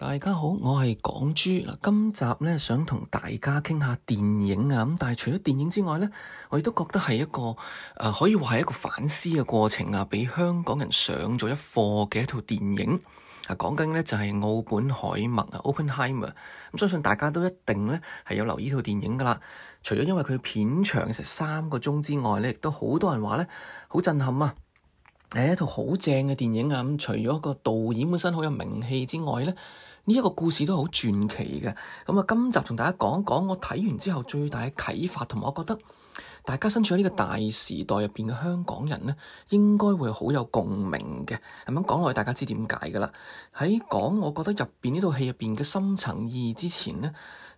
大家好，我係港豬，今集呢想同大家傾下電影啊，但係除咗電影之外呢，我亦都覺得係一個誒、呃，可以話係一個反思嘅過程啊，畀香港人上咗一課嘅一套電影啊，講緊呢就係《奧本海默》heim, 啊，《Oppenheimer 啊。咁，相信大家都一定呢係有留意套電影噶啦，除咗因為佢片長成三個鐘之外呢，亦都好多人話呢好震撼啊，係一套好正嘅電影啊，咁，除咗個導演本身好有名氣之外呢。呢一個故事都好傳奇嘅，咁啊今集同大家講講，講，我睇完之後最大嘅啟發同埋我覺得。大家身處喺呢個大時代入面嘅香港人呢，應該會好有共鳴嘅。咁樣講落去，大家知點解噶啦？喺講我覺得入面呢套戲入面嘅深層意義之前呢，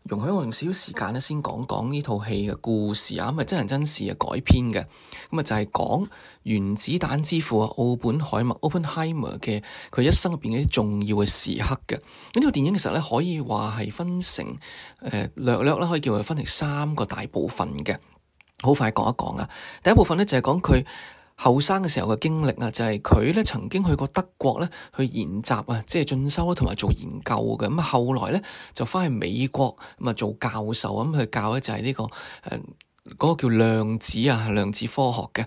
容許我用少少時間呢先講講呢套戲嘅故事啊。咁啊，真人真事嘅改編嘅咁啊，就係講原子彈之父啊，奧本海默 Oppenheimer 嘅佢一生入面嘅重要嘅時刻嘅。呢套電影其實呢，可以話係分成誒略略啦，可以叫佢分成三個大部分嘅。好快講一講啊！第一部分呢，就係講佢後生嘅時候嘅經歷啊，就係佢呢曾經去過德國呢，去研習啊，即係進修啊，同埋做研究嘅。咁啊，後來呢就翻去美國咁啊做教授咁去教呢，這個，就係呢個誒。嗰個叫量子啊，量子科學嘅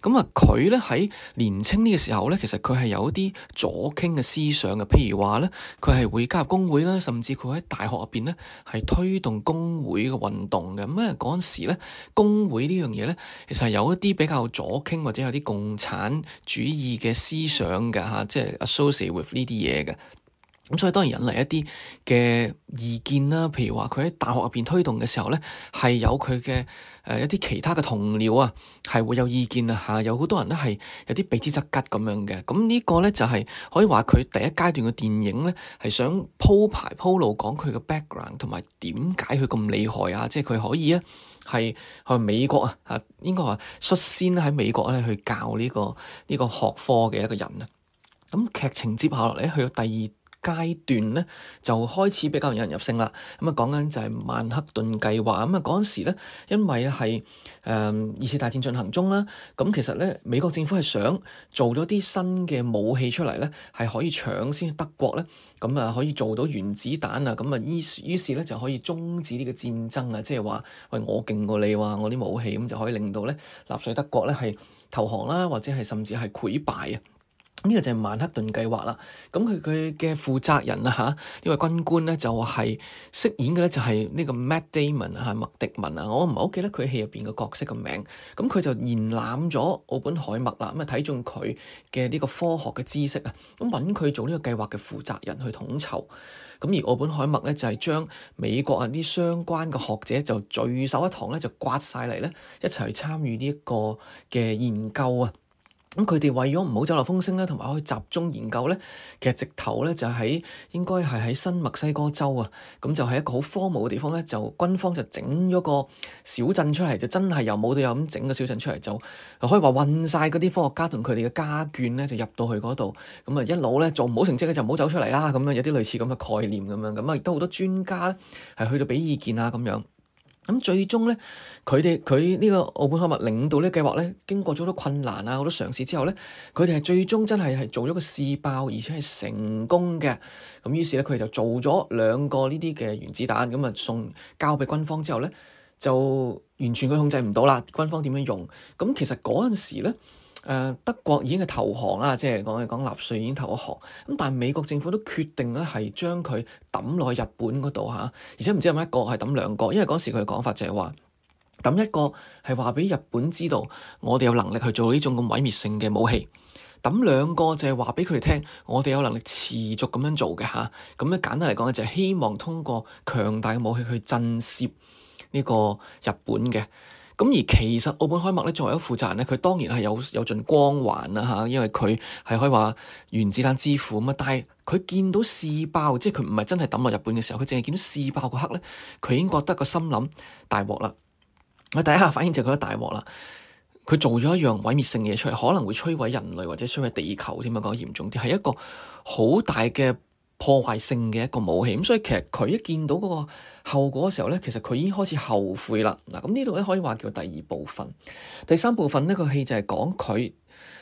咁啊，佢咧喺年青呢個時候咧，其實佢係有一啲左傾嘅思想嘅，譬如話咧佢係會加入工會啦，甚至佢喺大學入邊咧係推動工會嘅運動嘅咁啊。嗰陣時咧，工會呢樣嘢咧，其實係有一啲比較左傾或者有啲共產主義嘅思想嘅吓，即係 associate with 呢啲嘢嘅。咁、嗯、所以當然引嚟一啲嘅意見啦，譬如話佢喺大學入邊推動嘅時候咧，係有佢嘅誒一啲其他嘅同僚啊，係會有意見啊嚇，有好多人咧係有啲避之則吉咁樣嘅。咁、嗯這個、呢個咧就係、是、可以話佢第一階段嘅電影咧係想鋪排鋪路，講佢嘅 background 同埋點解佢咁厲害啊？即係佢可以咧係去美國啊啊，應該話率先喺美國咧去教呢、這個呢、這個學科嘅一個人啊。咁、嗯、劇情接下落嚟去到第二階段咧就開始比較引人入勝啦，咁啊講緊就係曼克頓計劃，咁啊嗰陣時咧，因為係誒、嗯、二次大戰進行中啦，咁、嗯、其實咧美國政府係想做咗啲新嘅武器出嚟咧，係可以搶先德國咧，咁、嗯、啊、嗯、可以做到原子彈啊，咁、嗯、啊於，於，於是於是咧就可以終止呢個戰爭啊，即係話喂我勁過你話我啲武器，咁、嗯、就可以令到咧納粹德國咧係投降啦，或者係甚至係潰敗啊。呢個就係曼克頓計劃啦，咁佢佢嘅負責人啊，吓呢位軍官咧就係、是、飾演嘅咧就係呢個 Matt Damon 啊，麥迪文啊，我唔係好記得佢戲入邊嘅角色嘅名，咁佢就延攬咗奧本海默啦，咁啊睇中佢嘅呢個科學嘅知識啊，咁揾佢做呢個計劃嘅負責人去統籌，咁、啊、而奧本海默咧就係、是、將美國啊啲相關嘅學者就聚首一堂咧就刮晒嚟咧，一齊參與呢一個嘅研究啊。咁佢哋為咗唔好走漏風聲咧，同埋可以集中研究咧，其實直頭咧就喺應該係喺新墨西哥州啊，咁就係一個好荒謬嘅地方咧，就軍方就整咗個小鎮出嚟，就真係由冇到有咁整個小鎮出嚟，就可以話運晒嗰啲科學家同佢哋嘅家眷咧，就入到去嗰度，咁啊一路咧做唔好成績咧就唔好走出嚟啦，咁樣有啲類似咁嘅概念咁樣，咁啊亦都好多專家咧係去到畀意見啊咁樣。咁最終呢，佢哋佢呢個奧本海默領導呢個計劃咧，經過咗好多困難啊，好多嘗試之後呢，佢哋係最終真係係做咗個試爆，而且係成功嘅。咁於是呢，佢哋就做咗兩個呢啲嘅原子彈，咁啊送交畀軍方之後呢，就完全佢控制唔到啦。軍方點樣用？咁其實嗰陣時呢。Uh, 德國已經係投降啦，即係我哋講納粹已經投咗降。咁但係美國政府都決定咧係將佢抌落去日本嗰度嚇，而且唔知抌一個係抌兩個，因為嗰時佢嘅講法就係話抌一個係話畀日本知道我哋有能力去做呢種咁毀滅性嘅武器，抌兩個就係話畀佢哋聽我哋有能力持續咁樣做嘅嚇。咁、啊、咧簡單嚟講就係希望通過強大嘅武器去震懾呢個日本嘅。咁而其實奧本海默咧作為一個負責人咧，佢當然係有有盡光環啦嚇，因為佢係可以話原子彈之父咁啊。但係佢見到試爆，即係佢唔係真係抌落日本嘅時候，佢淨係見到試爆個刻咧，佢已經覺得個心諗大鑊啦。我第一下反應就覺得大鑊啦，佢做咗一樣毀滅性嘢出嚟，可能會摧毀人類或者摧毀地球添啊，講得嚴重啲係一個好大嘅。破壞性嘅一個武器，咁所以其實佢一見到嗰個後果嘅時候咧，其實佢已經開始後悔啦。嗱，咁呢度咧可以話叫第二部分，第三部分呢個戲就係講佢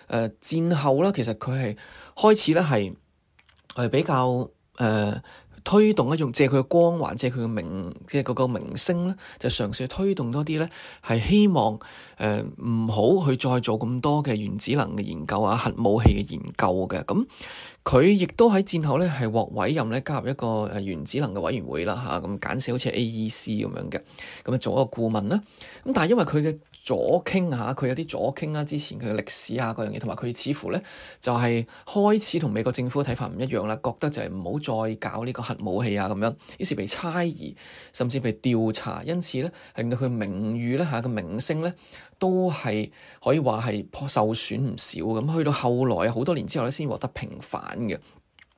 誒戰後啦，其實佢係開始咧係誒比較誒。呃推動一種借佢嘅光環，借佢嘅名，即係個個明星咧，就嘗試推動多啲咧，係希望誒唔好去再做咁多嘅原子能嘅研究啊，核武器嘅研究嘅。咁佢亦都喺戰後咧係獲委任咧加入一個誒原子能嘅委員會啦嚇，咁、啊、簡寫好似 AEC 咁樣嘅，咁、嗯、啊做一個顧問啦。咁、嗯、但係因為佢嘅。左傾嚇，佢有啲左傾啦。之前佢嘅歷史啊，嗰樣嘢，同埋佢似乎咧就係開始同美國政府嘅睇法唔一樣啦，覺得就係唔好再搞呢個核武器啊咁樣，於是被猜疑，甚至被調查，因此咧令到佢名譽咧嚇個名聲咧都係可以話係受損唔少咁，去到後來好多年之後咧先獲得平反嘅。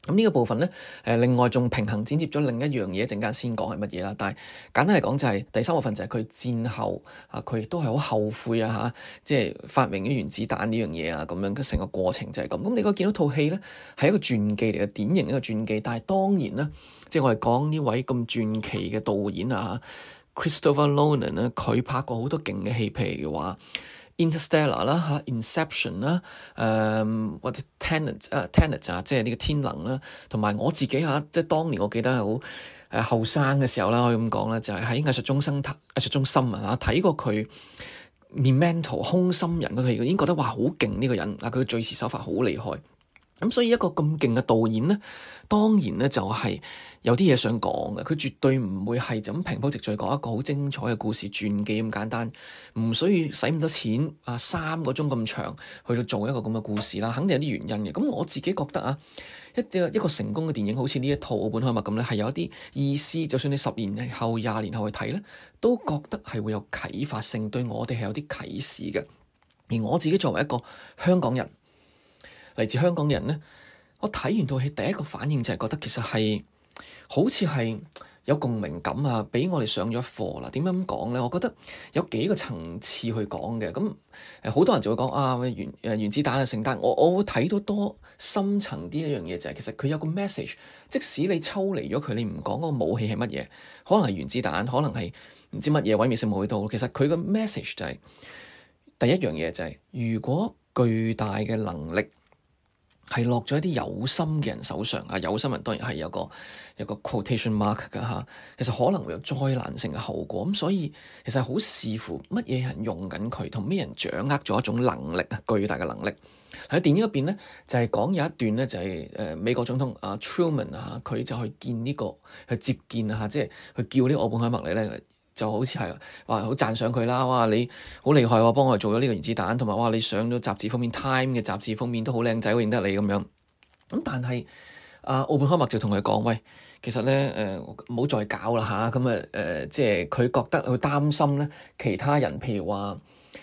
咁呢個部分呢，誒另外仲平行剪接咗另一樣嘢，陣間先講係乜嘢啦。但係簡單嚟講就係、是、第三個部分就係佢戰後，後啊，佢亦都係好後悔啊嚇，即係發明咗原子彈呢樣嘢啊，咁樣嘅成個過程就係咁。咁、嗯、你可以見到套戲呢，係一個傳記嚟嘅，典型一個傳記。但係當然咧，即係我哋講呢位咁傳奇嘅導演啊，Christopher Nolan 咧、啊，佢拍過好多勁嘅戲，譬如話。Interstellar 啦嚇，Inception 啦，誒或者 Tenant 誒 Tenant 啊，即係呢個天能啦，同埋我自己嚇，即係當年我記得好誒，後生嘅時候啦，可以咁講啦，就係喺藝術中心藝術中心啊，睇過佢 Memento 空心人，嗰套已經覺得，哇，好勁呢個人，啊，佢嘅敘事手法好厲害。咁、嗯、所以一個咁勁嘅導演咧，當然咧就係有啲嘢想講嘅，佢絕對唔會係就咁平鋪直敘講一個好精彩嘅故事傳記咁簡單，唔需要使咁多錢啊三個鐘咁長去到做一個咁嘅故事啦，肯定有啲原因嘅。咁我自己覺得啊，一一,一個成功嘅電影好似呢一套《奧本海默》咁咧，係有一啲意思，就算你十年後、廿年後去睇咧，都覺得係會有啟發性，對我哋係有啲啟示嘅。而我自己作為一個香港人。嚟自香港人呢，我睇完套戲，第一個反應就係覺得其實係好似係有共鳴感啊，畀我哋上咗一課啦。點解咁講呢？我覺得有幾個層次去講嘅咁誒，好多人就會講啊原誒原子彈啊，剩但我我會睇到多深層啲一樣嘢就係、是、其實佢有個 message，即使你抽離咗佢，你唔講嗰個武器係乜嘢，可能係原子彈，可能係唔知乜嘢毀滅性武器都好，其實佢個 message 就係、是、第一樣嘢就係、是、如果巨大嘅能力，係落咗一啲有心嘅人手上啊，有心人當然係有個有個 quotation mark 㗎吓，其實可能會有災難性嘅後果，咁，所以其實係好視乎乜嘢人用緊佢，同咩人掌握咗一種能力啊，巨大嘅能力。喺電影入邊咧，就係講有一段咧，就係誒美國總統啊 Truman 啊，佢就去見呢個去接見啊，即係去叫呢個奧本海默嚟咧。就好似係話好讚賞佢啦，哇！你好厲害喎、啊，幫我做咗呢個原子彈，同埋哇，你上咗雜誌封面，《Time》嘅雜誌封面都好靚仔，好認得你咁樣。但係啊，奧本海默就同佢講，喂，其實咧，誒、呃，唔好再搞啦吓，咁啊，誒、呃，即係佢覺得佢擔心咧，其他人譬如話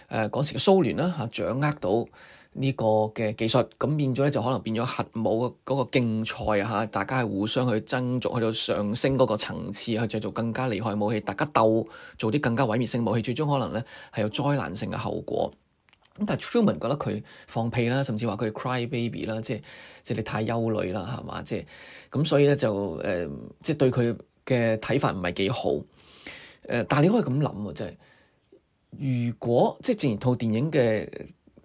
誒嗰時嘅蘇聯啦吓、啊，掌握到。呢個嘅技術咁變咗咧，就可能變咗核武嗰個競賽，嚇，大家係互相去爭逐，去到上升嗰個層次，去製造更加厲害嘅武器，大家鬥做啲更加毀滅性武器，最終可能咧係有災難性嘅後果。咁但係 Truman 覺得佢放屁啦，甚至話佢係 Cry Baby 啦，即係即係你太憂慮啦，係嘛？即係咁，所以咧就誒、呃，即係對佢嘅睇法唔係幾好。誒、呃，但係你可以咁諗喎，即係如果即係正如套電影嘅。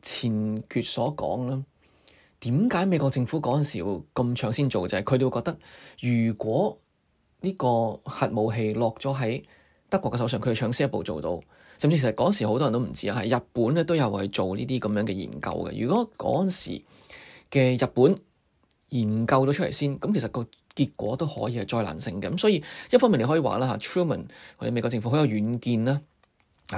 前決所講啦，點解美國政府嗰陣時會咁搶先做，就係佢哋會覺得，如果呢個核武器落咗喺德國嘅手上，佢哋搶先一步做到。甚至其實嗰陣時好多人都唔知啊，係日本咧都有去做呢啲咁樣嘅研究嘅。如果嗰陣時嘅日本研究咗出嚟先，咁其實個結果都可以係災難性嘅。咁所以一方面你可以話啦，哈，Truman 或者美國政府好有遠見啦。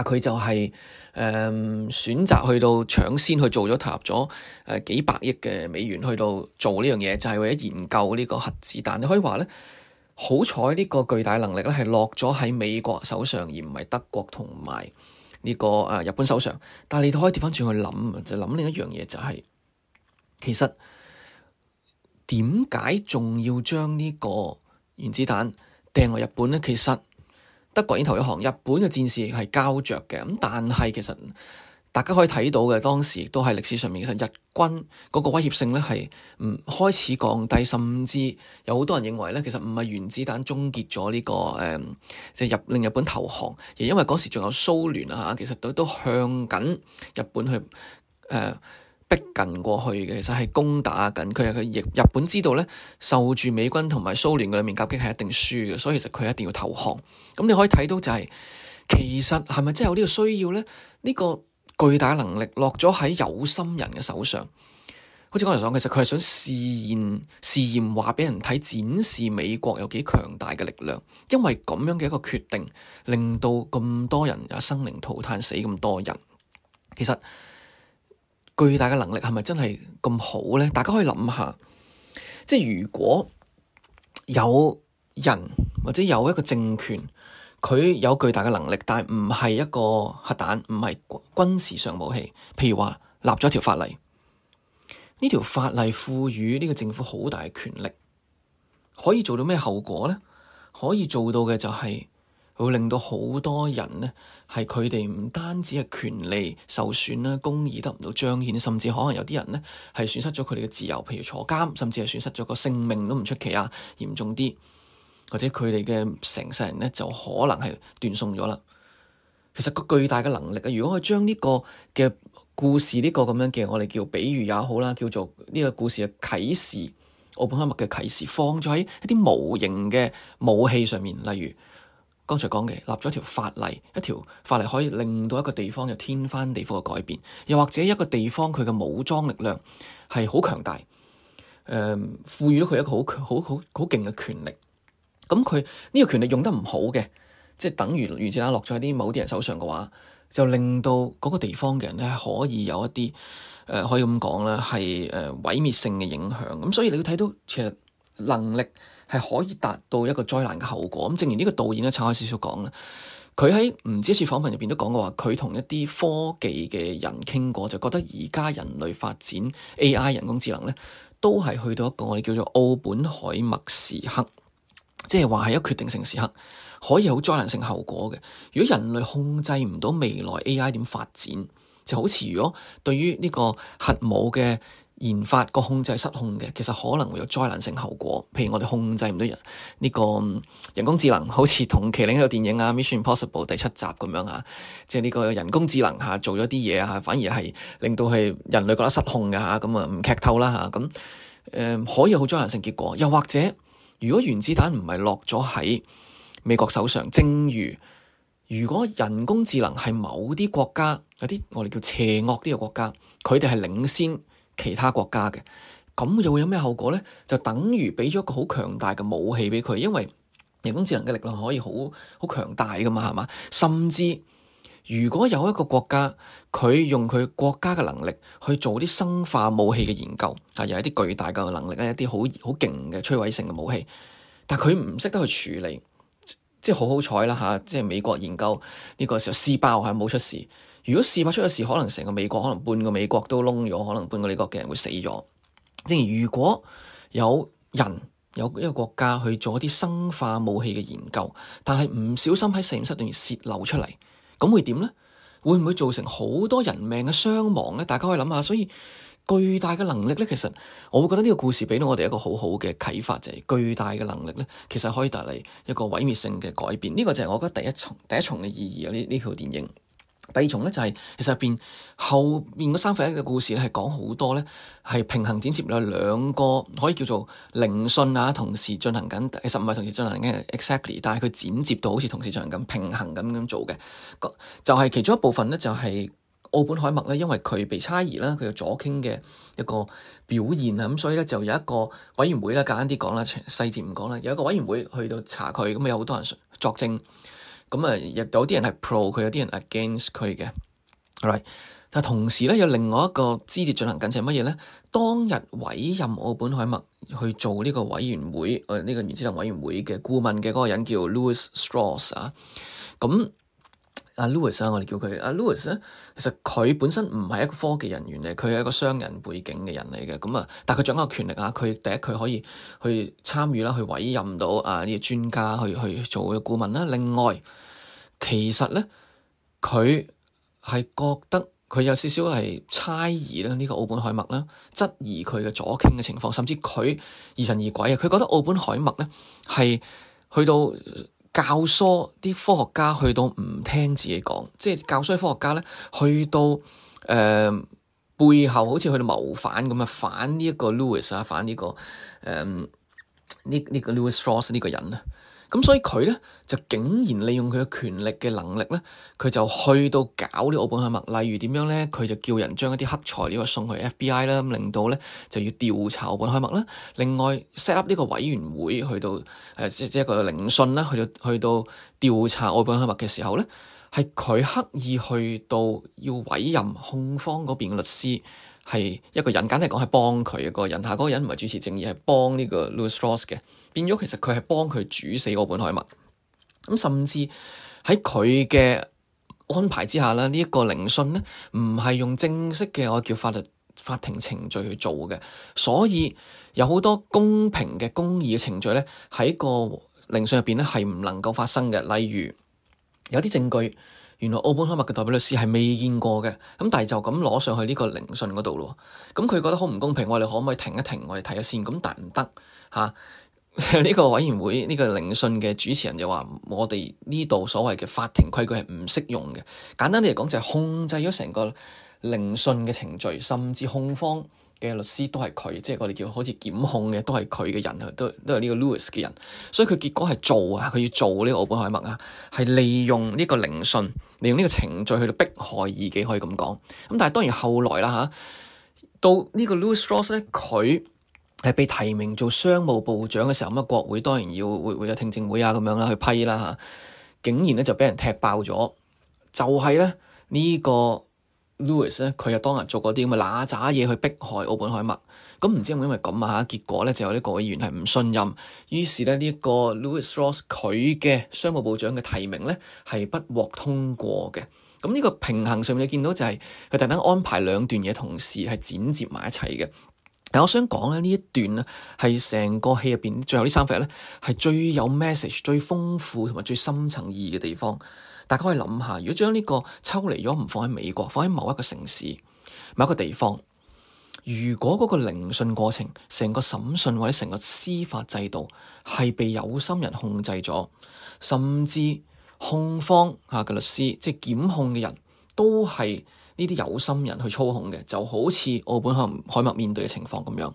佢就係、是、誒、嗯、選擇去到搶先去做咗，投入咗誒幾百億嘅美元去到做呢樣嘢，就係、是、為咗研究呢個核子彈。你可以話咧，好彩呢個巨大能力咧係落咗喺美國手上，而唔係德國同埋呢個啊日本手上。但係你都可以調翻轉去諗，就諗、是、另一樣嘢、就是，就係其實點解仲要將呢個原子彈掟落日本咧？其實。德國已經投降，日本嘅戰士係膠着嘅。咁但係其實大家可以睇到嘅，當時都係歷史上面其實日軍嗰個威脅性呢，係唔開始降低，甚至有好多人認為呢，其實唔係原子彈終結咗呢個誒，即係入令日本投降，而因為嗰時仲有蘇聯啊其實都都向緊日本去誒。呃逼近過去嘅，其實係攻打緊佢。佢日日本知道咧，受住美軍同埋蘇聯嘅兩面夾擊係一定輸嘅，所以其實佢一定要投降。咁你可以睇到就係、是，其實係咪真係有呢個需要咧？呢、這個巨大能力落咗喺有心人嘅手上，好似我頭先講，其實佢係想試驗，試驗話俾人睇，展示美國有幾強大嘅力量。因為咁樣嘅一個決定，令到咁多人也生靈塗炭，死咁多人。其實。巨大嘅能力係咪真係咁好咧？大家可以諗下，即係如果有人或者有一個政權，佢有巨大嘅能力，但係唔係一個核彈，唔係軍事上武器，譬如話立咗一條法例，呢條法例賦予呢個政府好大嘅權力，可以做到咩後果咧？可以做到嘅就係、是。會令到好多人呢，係佢哋唔單止係權利受損啦，公義得唔到彰顯，甚至可能有啲人呢係損失咗佢哋嘅自由，譬如坐監，甚至係損失咗個性命都唔出奇啊。嚴重啲，或者佢哋嘅成世人呢，就可能係斷送咗啦。其實個巨大嘅能力啊，如果佢將呢個嘅故事呢、呢個咁樣嘅我哋叫比喻也好啦，叫做呢個故事嘅啟示，奧本海默嘅啟示，放咗喺一啲無形嘅武器上面，例如。剛才講嘅立咗一條法例，一條法例可以令到一個地方有天翻地覆嘅改變，又或者一個地方佢嘅武裝力量係好強大，誒、呃、賦予咗佢一個好好好好勁嘅權力。咁佢呢個權力用得唔好嘅，即等於，完全啦，落咗喺啲某啲人手上嘅話，就令到嗰個地方嘅人可以有一啲、呃、可以咁講咧，係誒毀滅性嘅影響。咁、嗯、所以你要睇到，其實能力。係可以達到一個災難嘅後果，咁正如呢個導演咧岔開少少講啦，佢喺唔止一次訪問入邊都講過話，佢同一啲科技嘅人傾過，就覺得而家人類發展 AI 人工智能咧，都係去到一個我哋叫做奧本海默時刻，即係話係一個決定性時刻，可以有災難性後果嘅。如果人類控制唔到未來 AI 點發展，就好似如果對於呢個核武嘅。研發個控制失控嘅，其實可能會有災難性後果。譬如我哋控制唔到人呢個人工智能，好似同期另一套電影啊，《Mission Impossible》第七集咁樣啊，即係呢個人工智能吓做咗啲嘢啊，反而係令到係人類覺得失控嘅吓，咁啊唔劇透啦吓，咁誒、呃、可以好災難性結果。又或者如果原子彈唔係落咗喺美國手上，正如如果人工智能係某啲國家有啲我哋叫邪惡啲嘅國家，佢哋係領先。其他國家嘅，咁又會有咩後果呢？就等於畀咗一個好強大嘅武器畀佢，因為人工智能嘅力量可以好好強大噶嘛，係嘛？甚至如果有一個國家，佢用佢國家嘅能力去做啲生化武器嘅研究，啊，有一啲巨大嘅能力咧，一啲好好勁嘅摧毀性嘅武器，但佢唔識得去處理，即係好好彩啦嚇，即係美國研究呢個時候試爆係冇出事。如果試發出咗事，可能成個美國可能半個美國都窿咗，可能半個美國嘅人會死咗。正如如果有人有一個國家去做一啲生化武器嘅研究，但係唔小心喺實驗室裏面泄漏出嚟，咁會點咧？會唔會造成好多人命嘅傷亡咧？大家可以諗下。所以巨大嘅能力咧，其實我會覺得呢個故事畀到我哋一個好好嘅啟發，就係、是、巨大嘅能力咧，其實可以帶嚟一個毀滅性嘅改變。呢、這個就係我覺得第一重第一重嘅意義啊！呢呢套電影。第二重呢，就係、是、其實入邊後面嗰三分一嘅故事咧，係講好多呢，係平衡剪接啦，兩個可以叫做聆訊啊，同時進行緊，其實唔係同時進行嘅 exactly，但係佢剪接到好似同時進行咁平衡咁咁做嘅。就係、是、其中一部分呢，就係、是、奧本海默呢，因為佢被猜疑啦，佢嘅左傾嘅一個表現啊，咁所以呢，就有一個委員會呢，簡單啲講啦，細節唔講啦，有一個委員會去到查佢，咁有好多人作證。咁啊、嗯，有 pro, 有啲人係 pro，佢有啲人 against 佢嘅，但係同時咧，有另外一個姿態進行緊，就係乜嘢咧？當日委任奧本海默去做呢個委員會，誒、呃、呢、這個原子能委員會嘅顧問嘅嗰個人叫 Lewis Strauss 啊。咁、啊、阿 Lewis 啊，我哋叫佢阿、啊、Lewis 咧、啊。其實佢本身唔係一個科技人員嚟，佢係一個商人背景嘅人嚟嘅。咁、嗯、啊，但係佢掌握權力啊。佢第一，佢可以去參與啦，去委任到啊啲專家去去做個顧問啦、啊。另外，其實呢，佢係覺得佢有少少係猜疑啦，呢個奧本海默啦，質疑佢嘅左傾嘅情況，甚至佢疑神疑鬼啊！佢覺得奧本海默呢係去到教唆啲科學家去到唔聽自己講，即係教唆啲科學家呢去到誒、呃、背後好似去到謀反咁啊，反呢一個 Louis 啊、呢個，反、呃、呢、呢個誒呢呢個 Louis Strauss 呢個人啊！咁所以佢咧就竟然利用佢嘅權力嘅能力咧，佢就去到搞呢個奧本海默。例如點樣咧？佢就叫人將一啲黑材料送去 FBI 啦，咁令到咧就要調查奧本海默啦。另外 set up 呢個委員會去到誒、呃、即即一個聆訊啦，去到去到調查奧本海默嘅時候咧，係佢刻意去到要委任控方嗰邊嘅律師係一個人，簡單嚟講係幫佢嘅、嗰個人。下、嗰、嗰個人唔係主持正義，係幫呢個 Louis Ross 嘅。變咗，其實佢係幫佢煮死個奧本海默咁，甚至喺佢嘅安排之下咧，呢、呢、一個聆訊呢唔係用正式嘅我叫法律法庭程序去做嘅，所以有好多公平嘅公義嘅程序呢喺個聆訊入邊咧係唔能夠發生嘅。例如有啲證據原來奧本海默嘅代表律師係未見過嘅，咁但係就咁攞上去呢個聆訊嗰度咯。咁佢覺得好唔公平，我哋可唔可以停一停，我哋睇下先咁？但係唔得嚇。呢個委員會呢個聆訊嘅主持人就話：我哋呢度所謂嘅法庭規矩係唔適用嘅。簡單啲嚟講，就係控制咗成個聆訊嘅程序，甚至控方嘅律師都係佢，即係我哋叫好似檢控嘅都係佢嘅人，都都係呢個 Lewis 嘅人。所以佢結果係做啊，佢要做呢個奧本海默啊，係利用呢個聆訊，利用呢個程序去到逼害自己，可以咁講。咁但係當然後來啦嚇，到呢個 Lewis Ross 咧，佢。係被提名做商務部長嘅時候，咁啊國會當然要會會有聽證會啊咁樣啦，去批啦嚇。竟然咧就畀人踢爆咗，就係咧呢個 Lewis 咧，佢啊當日做嗰啲咁嘅嗱喳嘢去迫害奧本海默。咁唔知係咪因為咁啊嚇？結果咧就有啲國會議員係唔信任，於是咧呢一個 Lewis Strauss 佢嘅商務部長嘅提名咧係不獲通過嘅。咁、這、呢個平衡上面你見到就係、是、佢特登安排兩段嘢同時係剪接埋一齊嘅。我想講嘅呢一段呢係成個戲入邊最後呢三日，呢係最有 message、最豐富同埋最深層意義嘅地方。大家可以諗下，如果將呢個抽離咗，唔放喺美國，放喺某一個城市、某一個地方，如果嗰個聆訊過程、成個審訊或者成個司法制度係被有心人控制咗，甚至控方啊嘅律師，即係檢控嘅人都係。呢啲有心人去操控嘅，就好似奧本海海默面對嘅情況咁樣。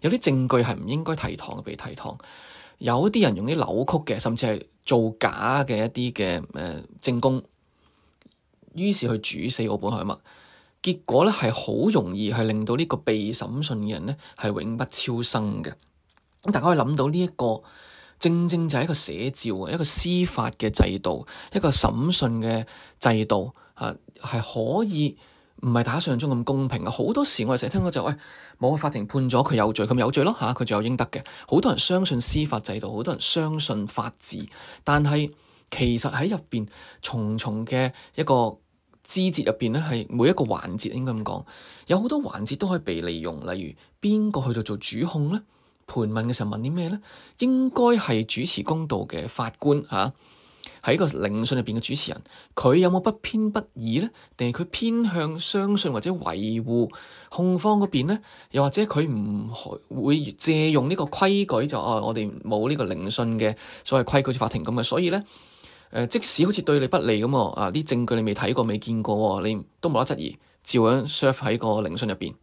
有啲證據，係唔應該提堂嘅被提堂，有啲人用啲扭曲嘅，甚至係造假嘅一啲嘅誒證供，於是去煮死奧本海默，結果咧係好容易係令到呢個被審訊嘅人咧係永不超生嘅。咁大家可以諗到呢、這、一個正正就係一個寫照啊，一個司法嘅制度，一個審訊嘅制度。係可以，唔係大家想像中咁公平嘅。好多時我哋成日聽講就係，喂、哎，某個法庭判咗佢有罪，咁有罪咯嚇，佢就有應得嘅。好多人相信司法制度，好多人相信法治，但係其實喺入邊重重嘅一個枝節入邊咧，係每一個環節應該咁講，有好多環節都可以被利用。例如邊個去到做主控咧？盤問嘅時候問啲咩咧？應該係主持公道嘅法官嚇。啊喺一個聆訊入邊嘅主持人，佢有冇不偏不倚呢？定係佢偏向相信或者維護控方嗰邊呢？又或者佢唔會借用呢個規矩就啊，我哋冇呢個聆訊嘅所謂規矩，似法庭咁嘅。所以呢，呃，即使好似對你不利咁喎，啊，啲證據你未睇過、未見過，你都冇得質疑，照樣 serve 喺個聆訊入邊。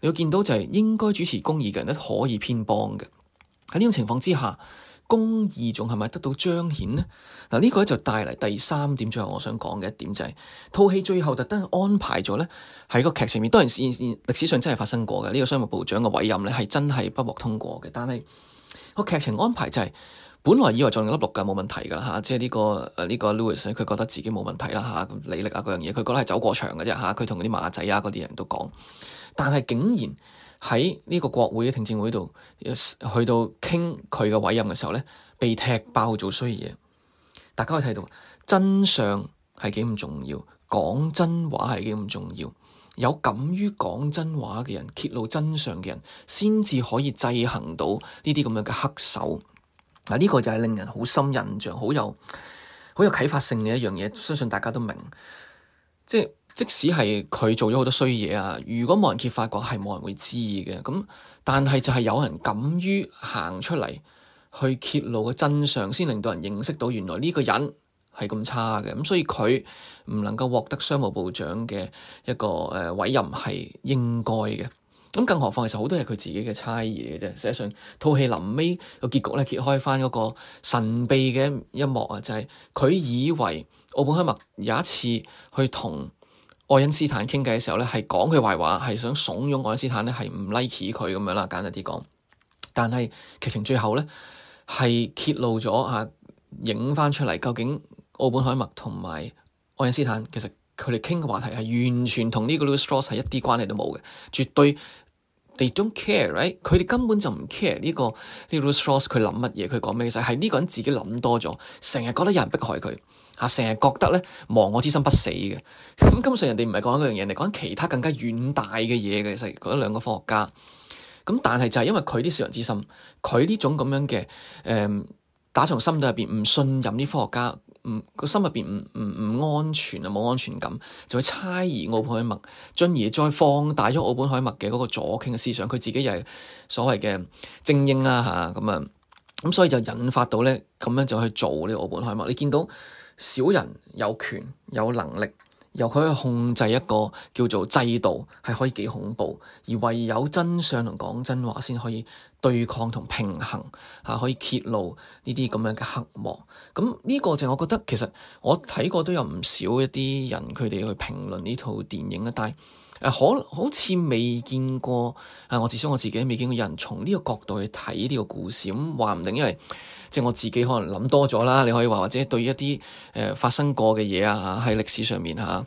你會見到就係應該主持公義嘅人咧，可以偏幫嘅。喺呢種情況之下。公義仲係咪得到彰顯呢？嗱，呢個咧就帶嚟第三點，最後我想講嘅一點就係、是、套戲最後特登安排咗咧，喺個劇情面，當然史歷史上真係發生過嘅，呢、這個商務部長嘅委任咧係真係不獲通過嘅。但係、那個劇情安排就係、是、本來以為仲有粒六嘅冇問題噶啦吓，即係呢、這個誒呢、這個 Louis 佢覺得自己冇問題啦吓，咁李力啊嗰樣嘢佢覺得係走過場嘅啫吓，佢同啲馬仔啊嗰啲人都講，但係竟然。喺呢個國會嘅聽證會度，去到傾佢嘅委任嘅時候咧，被踢爆做衰嘢。大家可以睇到真相係幾咁重要，講真話係幾咁重要。有敢於講真話嘅人，揭露真相嘅人，先至可以制衡到呢啲咁樣嘅黑手。嗱，呢個就係令人好深印象、好有、好有啟發性嘅一樣嘢。相信大家都明，即係。即使係佢做咗好多衰嘢啊，如果冇人揭發過，係冇人會知嘅。咁但係就係有人敢於行出嚟去揭露個真相，先令到人認識到原來呢個人係咁差嘅。咁所以佢唔能夠獲得商務部長嘅一個誒委任係應該嘅。咁更何況其實好多係佢自己嘅猜疑嘅啫。實際上套戲臨尾個結局咧，揭開翻嗰個神秘嘅一幕啊，就係、是、佢以為奧本海默有一次去同愛因斯坦傾偈嘅時候咧，係講佢壞話，係想慫恿愛因斯坦咧，係唔 like 佢咁樣啦，簡單啲講。但係劇情最後咧，係揭露咗啊，影返出嚟，究竟奧本海默同埋愛因斯坦，其實佢哋傾嘅話題係完全同呢個 Lewis Strauss 係一啲關係都冇嘅，絕對，They don't care，right？佢哋根本就唔 care 呢個呢、這個、Lewis Strauss 佢諗乜嘢，佢講咩嘢，就係、是、呢個人自己諗多咗，成日覺得有人迫害佢。嚇，成日覺得咧，亡我之心不死嘅。咁根本上人，人哋唔係講一樣嘢，人哋講其他更加遠大嘅嘢嘅。其實嗰兩個科學家咁，但係就係因為佢啲小人之心，佢呢種咁樣嘅誒、嗯，打從心底入邊唔信任啲科學家，唔個心入邊唔唔唔安全啊，冇安全感，就會猜疑奧本海默，進而再放大咗奧本海默嘅嗰個左傾嘅思想。佢自己又係所謂嘅精英啦，嚇咁啊，咁所以就引發到咧咁樣就去做呢奧本海默。你見到？小人有權有能力，由佢去控制一個叫做制度，係可以幾恐怖。而唯有真相同講真話先可以對抗同平衡嚇、啊，可以揭露呢啲咁樣嘅黑幕。咁、嗯、呢、呢個就我覺得其實我睇過都有唔少一啲人佢哋去評論呢套電影啦，但係。可好似未見過，誒我至少我自己未見過有人從呢個角度去睇呢個故事。咁話唔定因為即係我自己可能諗多咗啦。你可以話或者對一啲誒、呃、發生過嘅嘢啊，喺歷史上面嚇，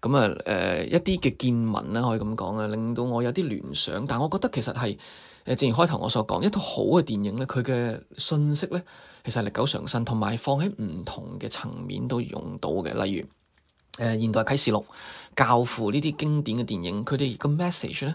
咁啊誒、呃、一啲嘅見聞啦，可以咁講啊，令到我有啲聯想。但我覺得其實係誒，正如開頭我所講，一套好嘅電影咧，佢嘅信息咧，其實係歷久常新，同埋放喺唔同嘅層面都用到嘅，例如，誒，現代啟示錄、教父呢啲經典嘅電影，佢哋個 message 咧，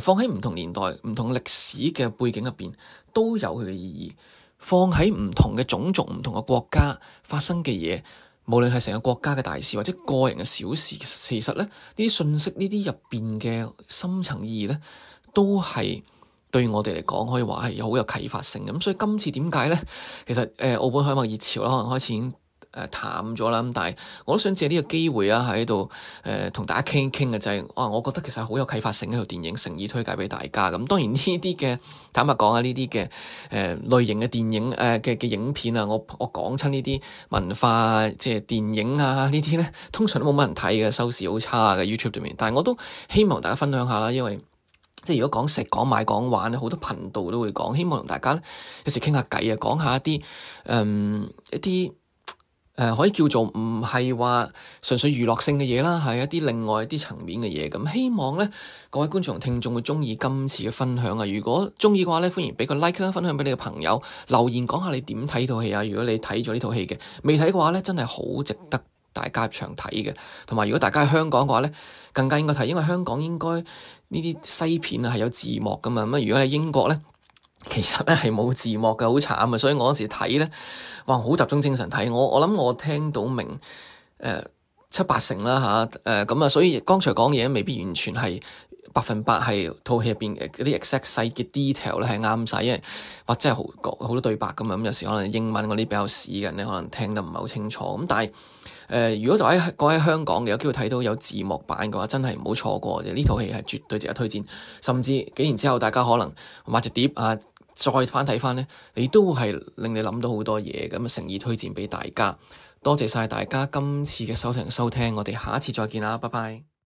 放喺唔同年代、唔同歷史嘅背景入邊，都有佢嘅意義。放喺唔同嘅種族、唔同嘅國家發生嘅嘢，無論係成個國家嘅大事，或者個人嘅小事，其實咧，呢啲信息，呢啲入邊嘅深層意義咧，都係對我哋嚟講，可以話係好有啟發性嘅。咁所以今次點解咧，其實誒，奧本海默熱潮啦，可能開始。誒淡咗啦，咁但係我都想借呢個機會啊，喺度誒同大家傾一傾嘅就係，哇、啊！我覺得其實好有啟發性嘅套電影，誠意推介畀大家。咁當然呢啲嘅，坦白講啊，呢啲嘅誒類型嘅電影誒嘅嘅影片啊，我我講親呢啲文化即係電影啊呢啲咧，通常都冇乜人睇嘅，收視好差嘅 YouTube 裏面。但係我都希望大家分享下啦，因為即係如果講食、講買、講玩，好多頻道都會講，希望同大家呢有時傾下偈啊，講下一啲嗯一啲。誒、呃，可以叫做唔係話純粹娛樂性嘅嘢啦，係一啲另外一啲層面嘅嘢。咁希望呢，各位觀眾聽眾會鍾意今次嘅分享啊！如果鍾意嘅話呢，歡迎畀個 like，分享畀你嘅朋友，留言講下你點睇呢套戲啊！如果你睇咗呢套戲嘅，未睇嘅話呢，真係好值得大家入場睇嘅。同埋，如果大家喺香港嘅話呢，更加應該睇，因為香港應該呢啲西片啊係有字幕㗎嘛。咁如果喺英國呢。其實咧係冇字幕嘅，好慘啊！所以我嗰時睇咧，哇，好集中精神睇。我我諗我聽到明誒、呃、七八成啦吓，誒咁啊。所以剛才講嘢未必完全係百分百係套戲入邊嗰啲 exact 細嘅 detail 咧係啱晒，因為或者係好多好多對白咁啊。咁、嗯、有時可能英文嗰啲比較屎嘅，你可能聽得唔係好清楚。咁、嗯、但係誒、呃，如果就喺各位喺香港嘅有機會睇到有字幕版嘅話，真係唔好錯過！呢套戲係絕對值得推薦，甚至幾年之後大家可能買隻碟啊～再翻睇翻呢，你都係令你諗到好多嘢，咁誠意推薦畀大家。多謝晒大家今次嘅收聽收聽，我哋下一次再見啦，拜拜。